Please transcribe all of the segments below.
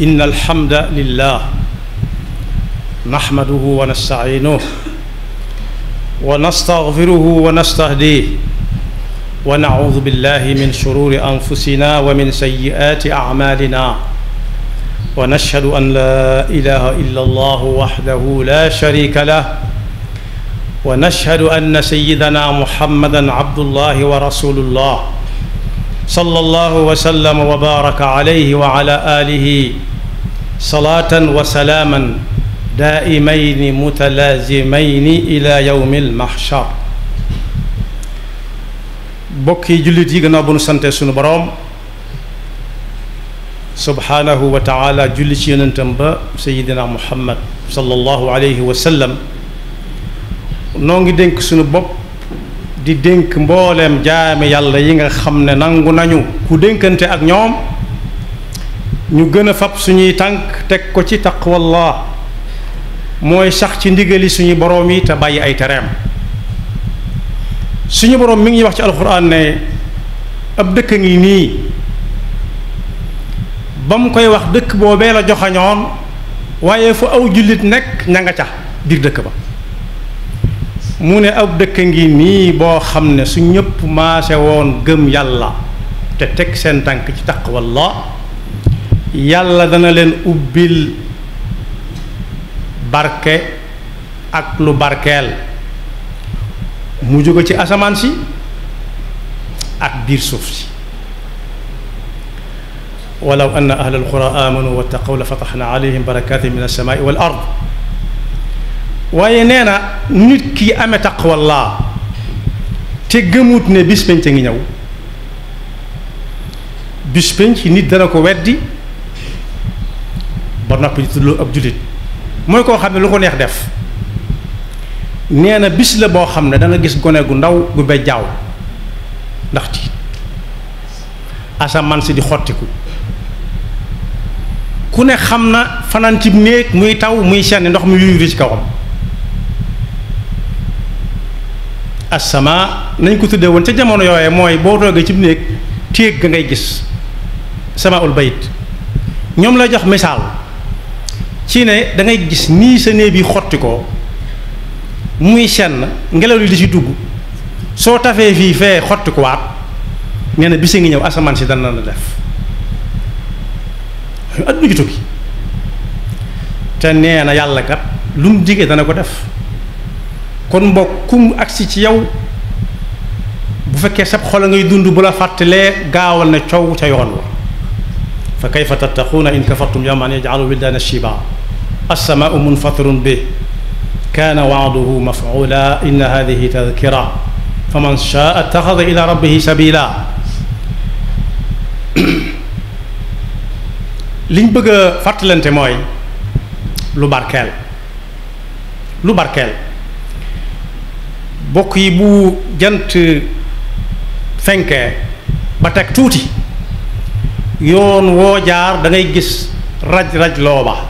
إن الحمد لله نحمده ونستعينه ونستغفره ونستهديه ونعوذ بالله من شرور أنفسنا ومن سيئات أعمالنا ونشهد أن لا إله إلا الله وحده لا شريك له ونشهد أن سيدنا محمدا عبد الله ورسول الله صلى الله وسلم وبارك عليه وعلى آله صلاة وسلاما دائمين متلازمين إلى يوم المحشر bokki jullit yi gannaaw bu nu sante sunu boroom subhaanahu wa taala julli ci yonentam ba sayidina muhammad sallallahu alayhi wa sallam noo ngi dénk sunu bopp di dénk mbooleem jaame yàlla yi nga xam ne nangu nañu ku dénkante ak ñoom ñu gën a fab suñuy tànk teg ko ci taqwallah mooy sax ci ndigali suñu boroom yi te bàyyi ay tereem suñu boroom mi ngi wax ci alxuraan ne ab dëkk ngi nii ba mu koy wax dëkk boobee la joxañoon waaye fu aw jullit nekk ña nga ca biir dëkk ba mu ne ab dëkk ngi nii boo xam ne su ñëpp maase woon gëm yàlla te teg seen tànk ci taqwallah yàlla dana leen ubbil barke ak lu barkeel mu jóge ci asamaan si ak biir suuf si walaw anna ahla alqura amanu wattaqaw la fataxna alayhim barakatin min alsamaai wal ard waaye nee na nit ki amee taqwallaa te gëmut ne bis penc ngi ñëw bis penc nit dana ko weddi ba noppi tuddloo ab jullit mooy koo xam ne lu ko neex def nee na bis la boo xam ne da gis gone gu ndaw gu be jaaw ndax ci asamaan si di xottiku ku ne xam na fanaan cib néeg muy taw muy senn ndox mi yuyuri ci kawam asama nañ ko tuddee woon ca jamono yooye mooy boo toogee cib néeg téeg ga ngay gis sama ul ñoom lay jox misaal ci ne da ngay gis ni sa ne bi xoti ko muy sen ngelaw li di ci dugg so tafé fi fé xoti ko wat nee bi bisi ngi ñëw asamaan si dana la def adduna ji tukki te neena yàlla kat lu mu digee dana ko def kon mbokk kum agsi ci yow bu fekke sab xol ngay dund bu la fàttalee gaawal na ciow ca yoon wa fa kayfa tattaquna in kafartum yawman yaj'alu wildaana shiba السماء منفطر به كان وعده مفعولا إن هذه تذكرة فمن شاء اتخذ إلى ربه سبيلا لين بغى فاتلنت موي لو باركال لو باركال بوكي بو جنت فنك باتاك توتي يون وو جار داغي غيس راج راج لوبا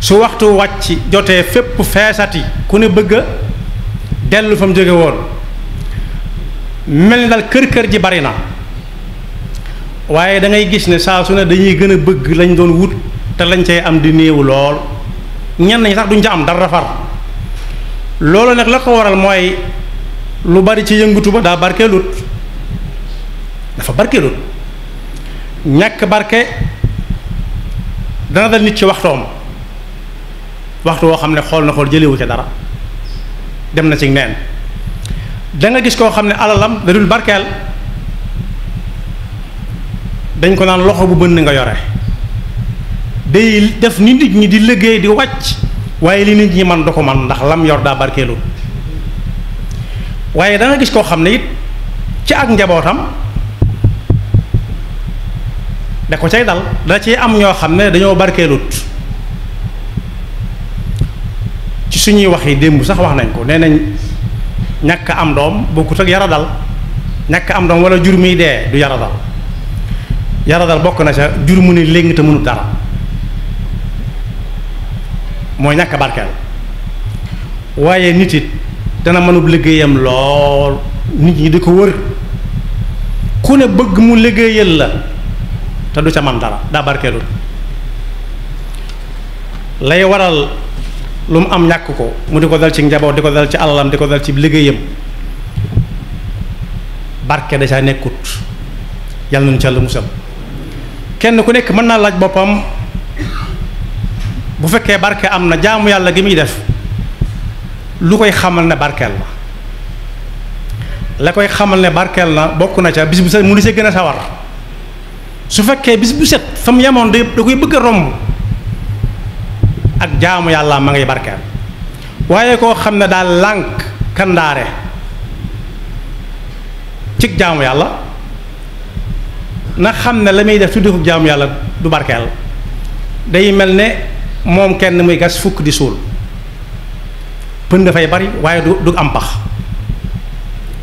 su waxtu wàcc jotee fépp feesati ku ne bëgg a dellu fa mu jóge woon mel ni daal kër kër ji bari na waaye dangay gis ne saa su ne dañuy gën a bëgg lañ doon wut te lañ cay am di néew lool ñenn ñi sax duñ ca am dara far loolu nag la ko waral mooy lu bari ci yëngutu ba daa barkeelut dafa barkeelut ñàkk barke dana dal nit ci waxtoom waxtu woo xam ne xool na xool jëlewu ca dara dem na ci neen danga gis koo xam ne alalam da dul barkeel dañ ko naan loxo bu bënn nga yore day def ni nit ñi di liggéey di wàcc waaye li nit ñi man du ko man ndax lam yor daa barkeelul waaye da gis koo xam ne it ci ak njabootam da ko cay dal da ciy am ñoo xam ne dañoo barkeelut ci suñuy wax yi démb sax wax nañ ko nee nañ ñàkk am doom bokkut ak yara dal ñàkk am doom wala jur muy dee du yara dal yara dal bokk na ca jur mu ne léegi te mënut dara mooy ñakk barkeel waaye nit it dana mënub liggéeyam lool nit ñi di ko wër ku ne bëgg mu liggéeyal la te du ca man dara daa barkeelul lay waral lu mu am ñàkk ko mu di ko dal ci njaboot di ko dal ci alalam di ko dal ci liggéeyam barke da ca nekkut yàlla nañu ci yàlla musal kenn ku nekk mën naa laaj boppam bu fekkee barke am na jaamu yàlla gi muy def lu koy xamal ne barkeel la la koy xamal ne barkeel na bokk na ca bis bu set mu di see gën a sawar su fekkee bis bu set fa mu yemoon da da koy bëgg a romb ak jaamu yàlla ma ngay barkeel waaye koo xam ne daal lànk kandaare cig jaamu yàlla na xam ne la muy def tuddi ko jaamu yàlla du barkeel day mel ne moom kenn muy gas fukk di suul pën dafay bari waaye du du am pax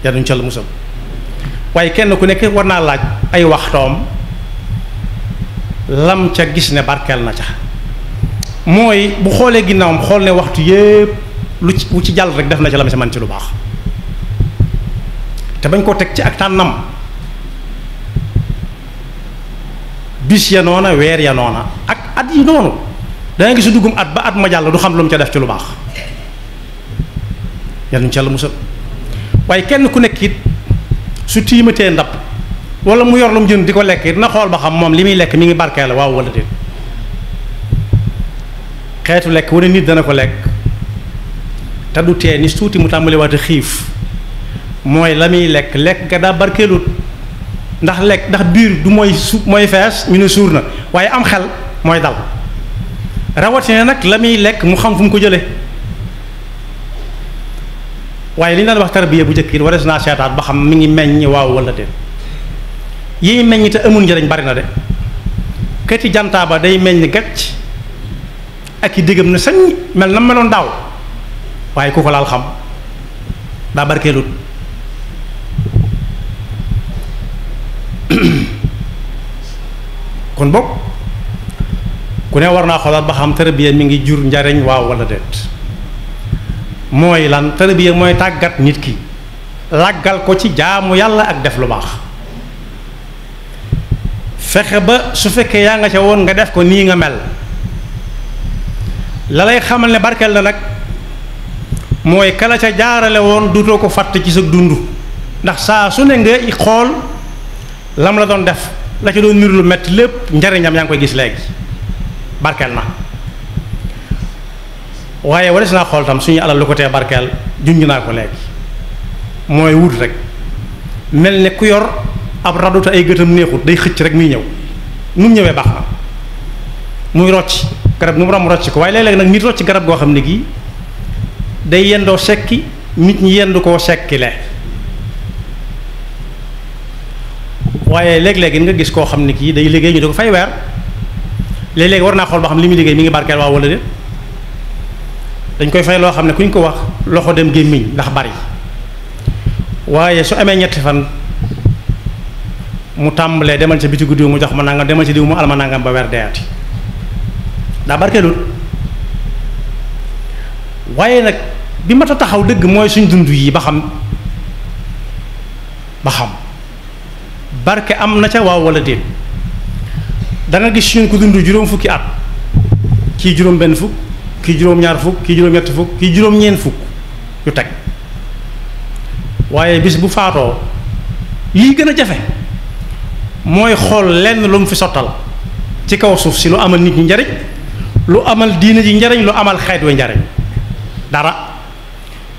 yaa duñ ca lu musal waaye kenn ku nekk war naa laaj ay waxtoom lam ca gis ne barkeel na ca mooy bu xoolee ginnaawam xool ne waxtu yépp lu ci lu ci jàll rek def na ci la ma si man ci lu baax te bañ koo teg ci ak tànnam bis ya noona weer ya noona ak at yi noonu danga gis duggum at ba at ma jàll du xam lu mu ca def ci lu baax yal nañu ci yàlla musal waaye kenn ku nekk it su tiimatee ndab wala mu yor lu mu jënd di ko lekk it na xool ba xam moom li muy lekk mi ngi barkee waaw wala déet xeetu lekk wane nit dana ko lekk te du tee ni suuti mu tàmbali waate xiif mooy la muy lekk lekk ga daa barkeelut ndax lekk ndax biir du mooy su mooy fees ñu ne suur na waaye am xel mooy dal rawatina nag la muy lekk mu xam fu mu ko jële waaye li ñu daan wax tarbiya bu njëkk it warees naa seetaat ba xam mi ngi meññ waaw wala déet yi meññ te amul njëriñ bari na de këti jantaa ba day meññ gàcc ak i dégam na sañ mel na meloon daaw waaye ku ko laal xam daa barkeelut kon bokk ku ne war naa xoolaat ba xam tërbiya mi ngi jur njariñ waaw walla déet mooy lan tërbiya mooy tàggat nit ki làggal ko ci jaamu yàlla ak def lu baax fexe ba su fekkee yaa nga ca woon nga def ko nii nga mel lalay xamal ne barkeel na nag mooy kala ca jaarale woon dutoo ko fàtte ci sa dund ndax saa su ne nga xool lam la doon def la ca doon niru lu metti lépp njariñam yaa ngi koy gis léegi barkeel na waaye wares naa xool tam suñu alal lu ko tee barkeel junj naa ko léegi mooy wut rek mel ne ku yor ab raduta ay gëtam neexut day xëcc rek muy ñëw mu ñëwee baax na muy rocc garab nu ram rocc ko way lay léeg nag nit rocc garab go xam gi day yendo sekki nit ñi yendu sekki le waaye leg leg nga gis ko xam ne day liggey ñu do fay wer léeg leg war na xol ba xam limi liggey mi ngi barkel wa wala de dañ koy fay lo xam kuñ ko wax loxo dem ndax bari waaye su amé ñetti fan mu tambalé demal ci biti guddi mu jox ma nangam demal ci diw mu alma ba daa barkeelul waaye nag bi ma a taxaw dëgg mooy suñ dund yi ba xam ba xam barke am na ca waaw wala déet da gis ñun ko dund juróom fukki at kii juróom benn fukk kii juróom ñaar fukk kii juróom ñett fukk yu teg waaye bis bu faatoo lii gën a jafe mooy xool lenn lu mu fi sottal ci kaw suuf si lu amal nit ñi njariñ lu amal diine ji njariñ lu amal xeet we njariñ dara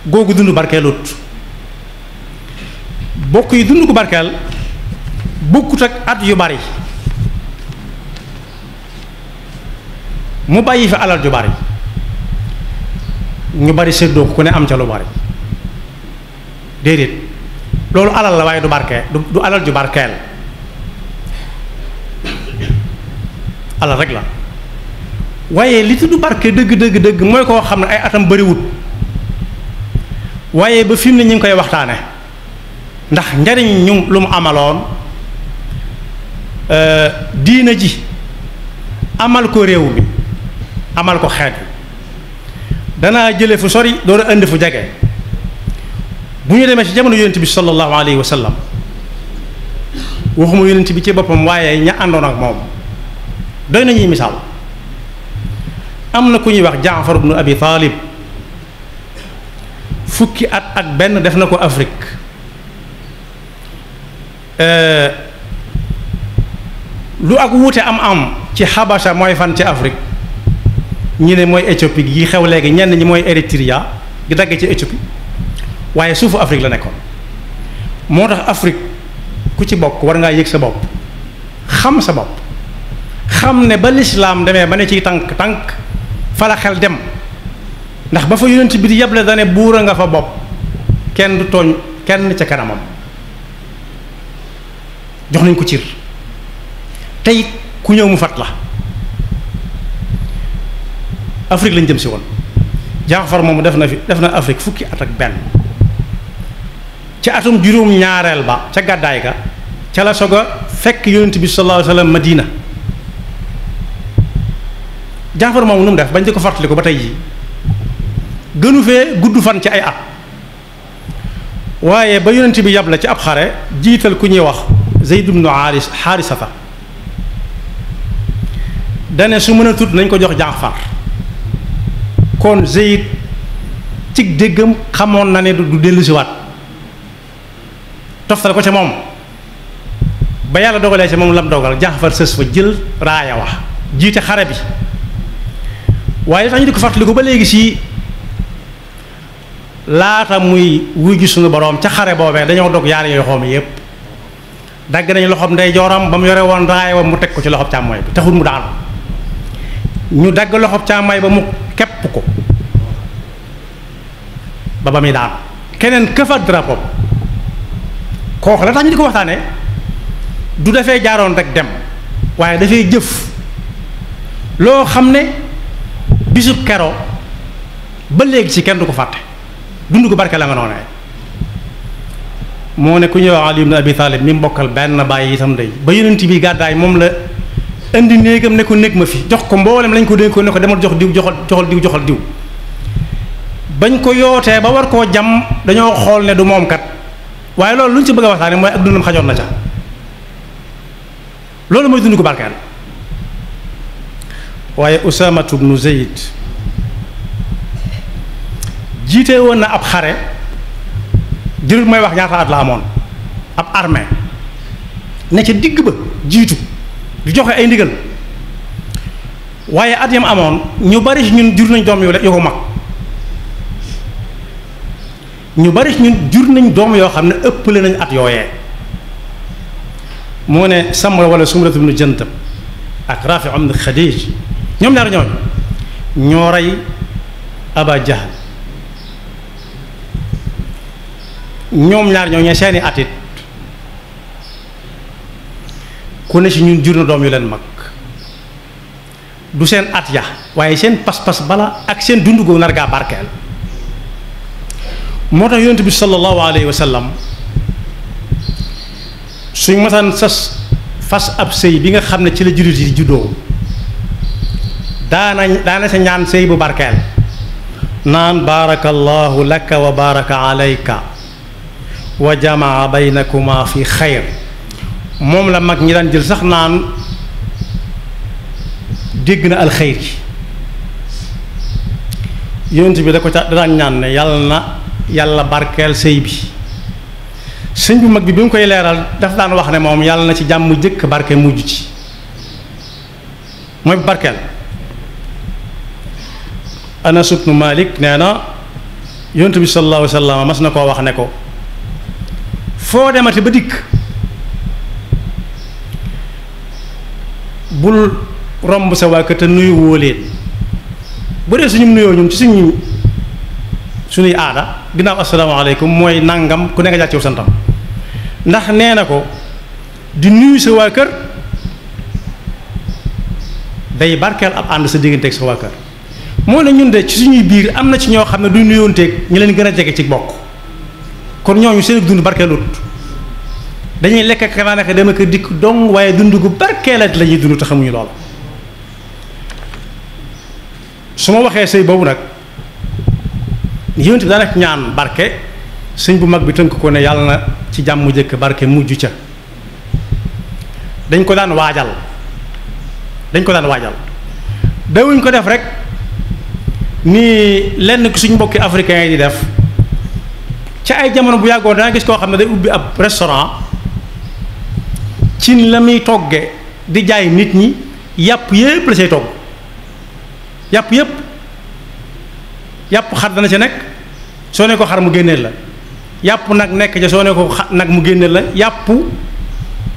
googu dund barkeelut bokk yi dund ko barkeel bokkut ak at yu bari mu bàyyi fi alal ju bari ñu bari séddoo ko ku ne am ca lu bari déedéet loolu alal la waaye du barke du alal ju barkeel alal rek la waaye li tudd barke dëgg dëgg dëgg mooy koo xam ne ay atam bëriwut waaye ba fi ne ñu ngi koy waxtaane ndax njariñ ñu lu mu amaloon euh, diina ji amal ko réew mi amal ko xeet danaa jële fu sori doon a indi fu jege bu ñu demee ci jamono yonent bi sallallahu alayhi wa sallam waxuma yonent bi ci boppam waaye ña àndoon ak moom doy nañuy misaal am na ku ñuy wax jaafar ibnu abi taalib fukki at ak benn def na ko Afrique euh, lu ak wuute am am ci xabasa mooy fan ci Afrique ñi ne mooy Éthiopie yi xew léegi ñenn ñi mooy Érythréa gi dagge ci Éthiopie waaye suufu Afrique la nekkoon moo tax Afrique ku ci bokk war ngaa yëg sa bopp xam sa bopp xam ne ba lislaam demee ba ne ciy tànk tànk fa la xel dem ndax ba fa yonent bi di yeble dane buur a nga fa bopp kenn du tooñ kenn ca kanamam jox nañ ko cir tey ku ñëw mu fat la Afrique lañ jëm si woon Jaafar moomu def na fi def na Afrique fukki at ak benn ca atum juróom ñaareel ba ca gàddaay ga ca la soog a fekk yonent bi sallallahu alayhi wa Madina Jaafar moomu nu mu def bañ di ko fàttali ko ba tey jii gënu fee gudd fan ci ay at waaye ba yonent bi yab la ci ab xare jiital ku ñuy wax Zayd ibnu Haaris Haarisata dane su mën a tut nañ ko jox Jaafar kon Zayd cig déggam xamoon na ne du dellusiwaat toftal ko ca moom ba yàlla dogalee ca moom lam dogal Jaafar sës fa jël raaya wax jiite xare bi waaye tax ñu di ko fàttaliku ba léegi si laata muy wujj suñu boroom ca xare boobee dañoo dog yaar yooyu xoom yépp dagg nañu loxoom ndey jooram ba mu yore woon raay mu teg ko ci loxob càmmooy bi taxul mu dagg loxob càmmooy ba mu kepp ko ba ba muy keneen këfa drapeau kooku di ko waxtaanee du defee jaaroon rek dem waaye dafay jëf loo xam ne bisub kero ba léegi ci kenn du ko fàtte dund ko barke la nga noonee moo ne ku ñuy wax Ali ibn Abi Talib mi mbokkal benn bàyyi itam day ba yonent bi gàddaay moom la indi néegam ne ko nekk ma fi jox ko mboolem lañ ko dénk ko ne demal jox diw joxal joxal diw joxal diw bañ ko yootee ba war koo jam dañoo xool ne du moom kat waaye loolu lu ñu ci bëgg a mooy ak dundam xajoon na ca loolu mooy dund ko barkeel waaye usaamatu bnu zeyd jiite woon na ab xare jërul may wax ñaata at la amoon ab armée ne ca digg ba jiitu di joxe ay ndigal waaye at yam amoon ñu bari ñun jur nañ doom yu yu ko mag ñu bari ñun jur nañ doom yoo xam ne ëppale nañ at yooyee moo ne samra wala sumratu ibnu jantab ak rafi ibnu xadiij ñoom ñaar ñooñu ñoo rey Aba ñoom ñaar ñooñu seeni atit ku ne si ñun jur na doom yu leen mag du seen at ya waaye seen pas-pas bala ak seen dundu googu nar gaa barkeel moo tax yonent bi sallallahu alayhi wa suñ masaan sas fas ab sëy bi nga xam ne ci la jullit yi juddoo daana daana sa ñaan sëy bu barkeel naan baarakallahu laka wa baaraka alayka wa jamaa baynakuma fi xayr moom la mag ñi daan jël sax naan dégg na alxayr yi yonent bi da ko ca da daan ñaan ne yàlla na yàlla barkeel sëy bi sëñ bu mag bi bi mu koy leeral daf daan wax ne moom yàlla na ci jàmm jëkk barke mujj ci mooy barkeel Anas ibnu Malik nee na yonent bi sallallahu alayhi wa sallam mas na koo wax ne ko foo demati ba dikk bul romb sa waa kër te nuyu woo bu dee suñu nuyoo ñun ci suñu suñuy aada ginnaaw asalaamaaleykum mooy nangam ku ne nga jàccew santam ndax nee na ko di nuyu sa waa kër day barkeel ab ànd sa digganteeg sa waa kër mooy na ñun de ci suñuy biir am na ci ñoo xam ne duñ nuyoonteeg ñu leen gën a jege ci bokk kon ñooñu seen dund barkeelut dañuy lekk ak dem ak dikk dong waaye dund gu barkeelat la ñuy dund te xamuñu lool su ma waxee sëy boobu nag yonent bi daanaka ñaan barke sëñ bu mag bi tënk ko ne yàlla na ci jàmm jëkk barke mujj ca dañ ko daan waajal dañ ko daan waajal dawuñ ko def rek. nii lenn ki suñ mbokki africain yi di def ca ay jamono bu yàggoon danga gis koo xam ne day ubbi ab restaurant cin la muy togge di jaay nit ñi yàpp yépp la say togg yàpp yépp yàpp xar dana ca nekk soo ne ko xar mu génneel la yàpp nag nekk ca soo ne ko xa nag mu génneel la yàpp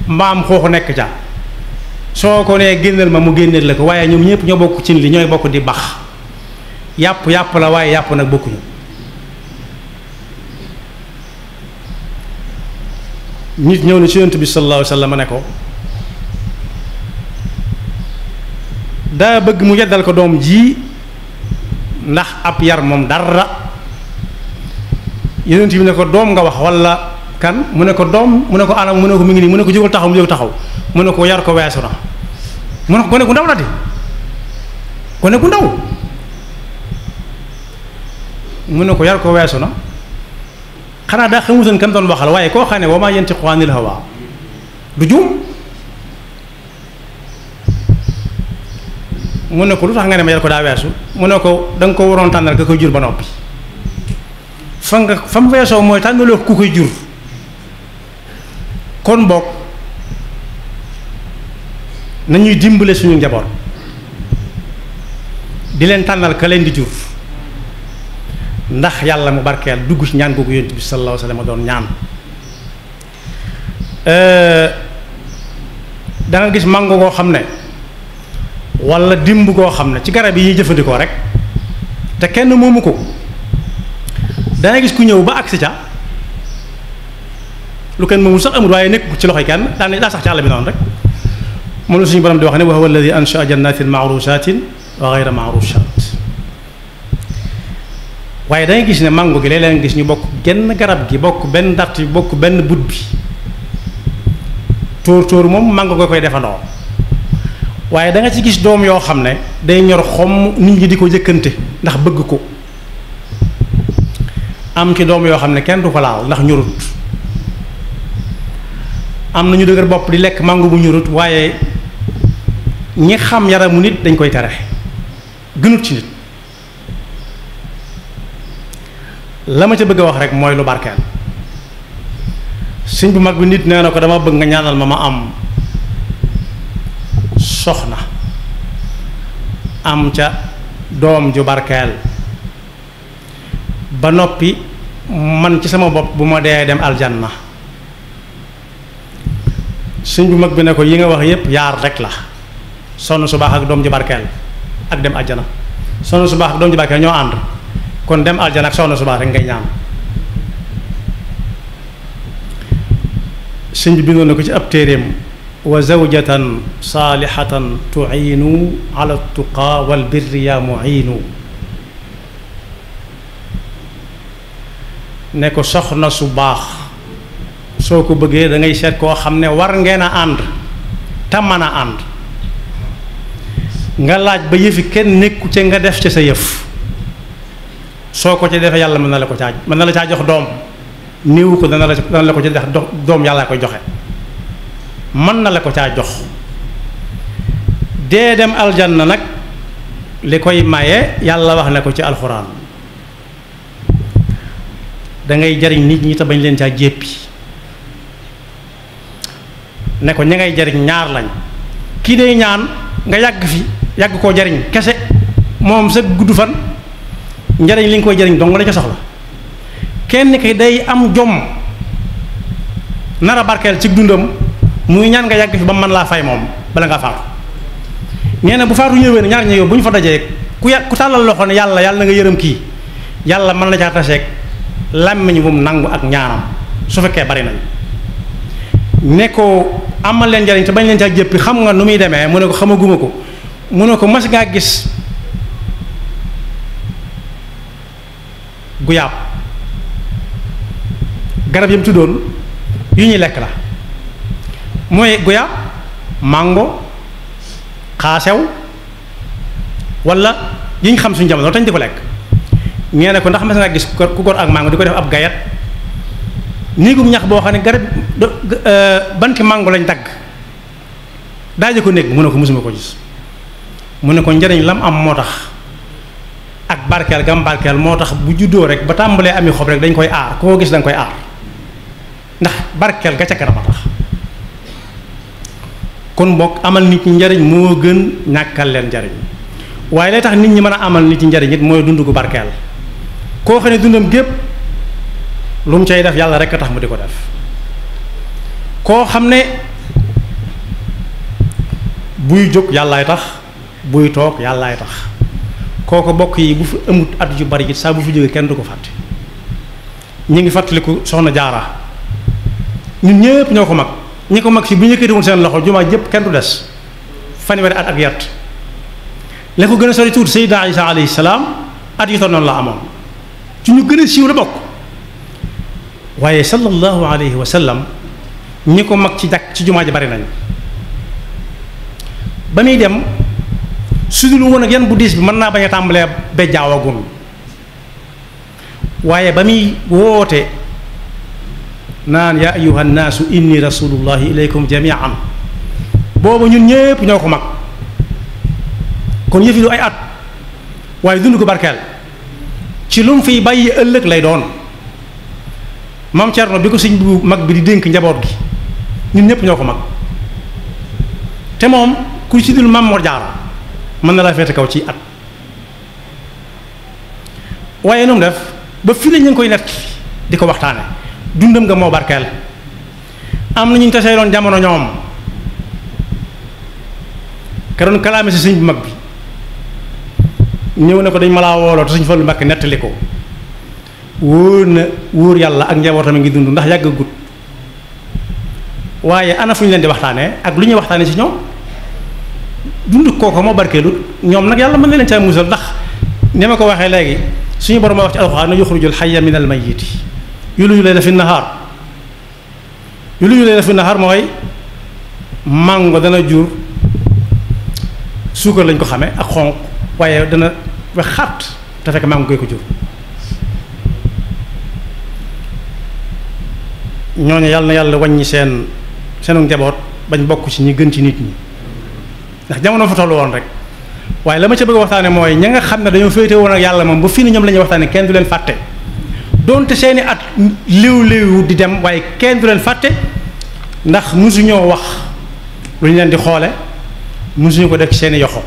mbaam xooxu nekk ca soo ko nee génneel ma mu génneel la ko waaye ñoom ñëpp ñoo bokk cin li ñooy bokk di bax yàpp yàpp la waaye yàpp nag bokkuñu nit ñëw na ci bi sallallahu alayhi wa sallam ne ko daa bëgg mu yeddal ko doom ji ndax ab yar moom dara yonent bi ne ko doom nga wax walla kan mu ne ko doom mu ne ko anam mu ne ko mi ngi nii mu ne ko jógal taxaw mu jóg taxaw mu ne ko yar ko weesu na mu ne ko gone gu ndaw la di gone gu ndaw mu ne ko yar ko weesu na xanaa daa xamutoon kam doon waxal waaye koo xam ne wa maa yantiqu anil hawaa du juum mu ne ko lu tax nga ne ma yar ko daa weesu mu ne ko da ko waroon tànnal ka ko jur ba noppi fa nga fa mu weesoo mooy tànnaloo ku koy jur kon boog nañuy dimbale suñu njaboot di leen tànnal ka leen di jur ndax yàlla mu barkeel dugg ci ñaan googu yonent bi sallallahu alayhi wa sallam doon ñaan euh, da gis mango goo xam ne wala dimb koo xam ne ci garab yi ñuy jëfandikoo rek te kenn moomu ko danga gis ku ñëw ba agsi ca lu kenn moomu sax amul ci loxoy kenn daan daa sax ci àll bi noonu rek moom la suñu borom di wax ne wa huwa alladi ansha jannatin maarusatin wa gayra maarusat waaye dangay gis ne mango gi léeg leen gis ñu bokk genn garab gi bokk benn ndatt bi bokk benn but bi tóor tóor moom mango nga koy defandoo waaye danga ci gis doom yoo xam ne day ñor xomm nit ñi di ko jëkkante ndax bëgg ko am ci doom yoo xam ne kenn du ko laal ndax ñurut am na ñu dëgër bopp di lekk màngo bu ñurut waaye ñi xam yaramu nit dañ koy tere gënut ci nit Lama ci bëgg wax rek moy lu barkel señ bu mag bi nit neena ko dama bëgg nga ñaanal am soxna am ca dom ju barkel ba nopi man ci sama buma bu ma dem aljanna señ bu mag bi ne ko yi nga wax yépp yar rek la sonu subax ak dom ju barkel ak dem aljanna sonu subax ak dom ju barkel ñoo and kon dem aljana ak soxna subaa rek ngay ñaan sëñ bi bindoon na ko ci ab téeréem wa zawjatan saalihatan tuiinu ala tuqaa wal birri yaa muiinu ne ko soxna su baax soo ko bëggee da ngay seet koo xam ne war ngeen a ànd te a ànd nga laaj ba yëfi kenn nekku ca nga def ca sa yëf soo ko ci defee yàlla mën na la ko caa mën na la caa jox doom néewu ko dana la dana la ko ci def doom yàlla koy joxe mën na la ko caa jox dee dem na nag li koy maye yàlla wax ne ko ci alxuraan dangay jariñ nit ñi te bañ leen caa jéppi ne ko ñi ngay jariñ ñaar lañ kii day ñaan nga yàgg fi yàgg koo jariñ kese moom sa gudd fan njariñ li nga koy jariñ dong la ca soxla kenn ki day am jom nara barkel ci dundam muy ñaan nga yagg fi ba man la fay mom bala ngaa faatu nee na bu faatu ñewé ñaar ñe yow bu fa dajé ku ya ku talal loxone yalla yalla nga ki yalla man la bu nangu ak ñaanam su fekke bari nañ ne ko amal len jariñ te bañ len caa jëppi xam nga numuy démé mu ne ko xamaguma ko mu ne ko mas nga gis guyaab garab yam tuddoon yu ñuy lekk la mooy guyaab màngo xaasew wala yiñ xam suñu jamono tañ di ko lekk ñee ko ndax mas nga gis ku gor ak màngo di ko def ab gayat néegum ñax boo xam ne garab euh, banti màngo lañ dagg daaje ko néeg mu ne ko mosuma ko gis mu ne ko njariñ lam am moo tax ak barkeel gam barkeel moo tax bu juddoo rek ba tàmbalee ami xob rek dañ koy aar koo gis dañ koy aar ndax barkeel ga ca kanam a tax kon mbokk amal nit ñi njariñ moo gën ñàkkal leen njariñ waaye lay tax nit ñi mën a amal nit ñi njariñ it mooy dund gu barkeel koo xam ne dundam gépp lu mu cay def yàlla rek a tax mu di ko def koo xam ne buy jóg yàllaay tax buy toog yàllaay tax koko bokk yi bu fu amut at ju bari it saa bu fi joge kenn du ko fàtte ñi ngi fàttaliku soxna jaara ñun ñëpp ñoko mag ñi ko mag ci bu ñëkëti won seen loxo juma jëpp kenn du des fanweeri at ak yàtt la ko gëna sori tout sayyida Isa alayhi salam at yu tonon la amon ci ñu gëna a siiw la bokk waye sallallahu alayhi wa sallam ñi ko mag ci dak ci juma ji bari nañ ba dem su dul woon ak yan bu diis bi mën naa bañ a tàmbalee ba jaawagul waaye ba muy woote naan yaa ayuha nnaasu inni rasulullahi ilaykum jamian boobu ñun ñépp ñoo ko mag kon yëfi du ay at waaye dund ko barkeel ci lu mu fiy bàyyi ëllëg lay doon maam Cerno bi ko siñ bu mag bi di dénk njaboot gi ñun ñépp ñoo ko mag te moom ku ci dul maam Mor mën na laa fete kaw ci at waaye noonu def ba fi la ñu ngi koy nett di ko waxtaane dundam nga moo barkeel am na ñu tasee doon jamono ñoom ka doon kalaame si sëñ bu mag bi ñëw na ko dañ ma laa wooloo te suñ Fallu Mbàkke nettali ko wóor na wóor yàlla ak njabootam a ngi dund ndax yàgg gut waaye ana fu ñu leen di waxtaanee ak lu ñuy waxtaane si ñoom dund kooku moo barkeelu ñoom nag yàlla mën na leen caa musal ndax ni ma ko waxee léegi suñu borom a wax ci alxuraan ne yuxrijul xayya min al mayyiti yulu yulee la naxaar nahaar yulu yulee la fi nahaar mooy màngo dana jur suukar lañ ko xamee ak xonq waaye dana wex xat te fekk màngo koy ko jur ñooñu yàlla na yàlla wàññi seen seenu njaboot bañ bokk ci ñi gën ci nit ñi ndax jamono fa toll woon rek waaye la ma ca bëgg a waxtaane mooy ña nga xam ne dañoo féete woon ak yàlla moom ba fii ni ñoom la ñuy waxtaane kenn du leen fàtte donte seeni at liw liw di dem waaye kenn du leen fàtte ndax musuñoo wax lu ñu leen di xoole musuñu ko def ci seeni yoxo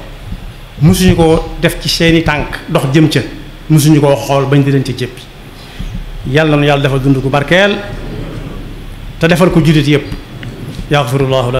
musuñu ko def ci seeni tànk ndox jëm ca musuñu koo xool bañ di leen ca jéppi yàlla na yàlla defal dund ko barkeel te defal ko jullit yépp yaxfirullahu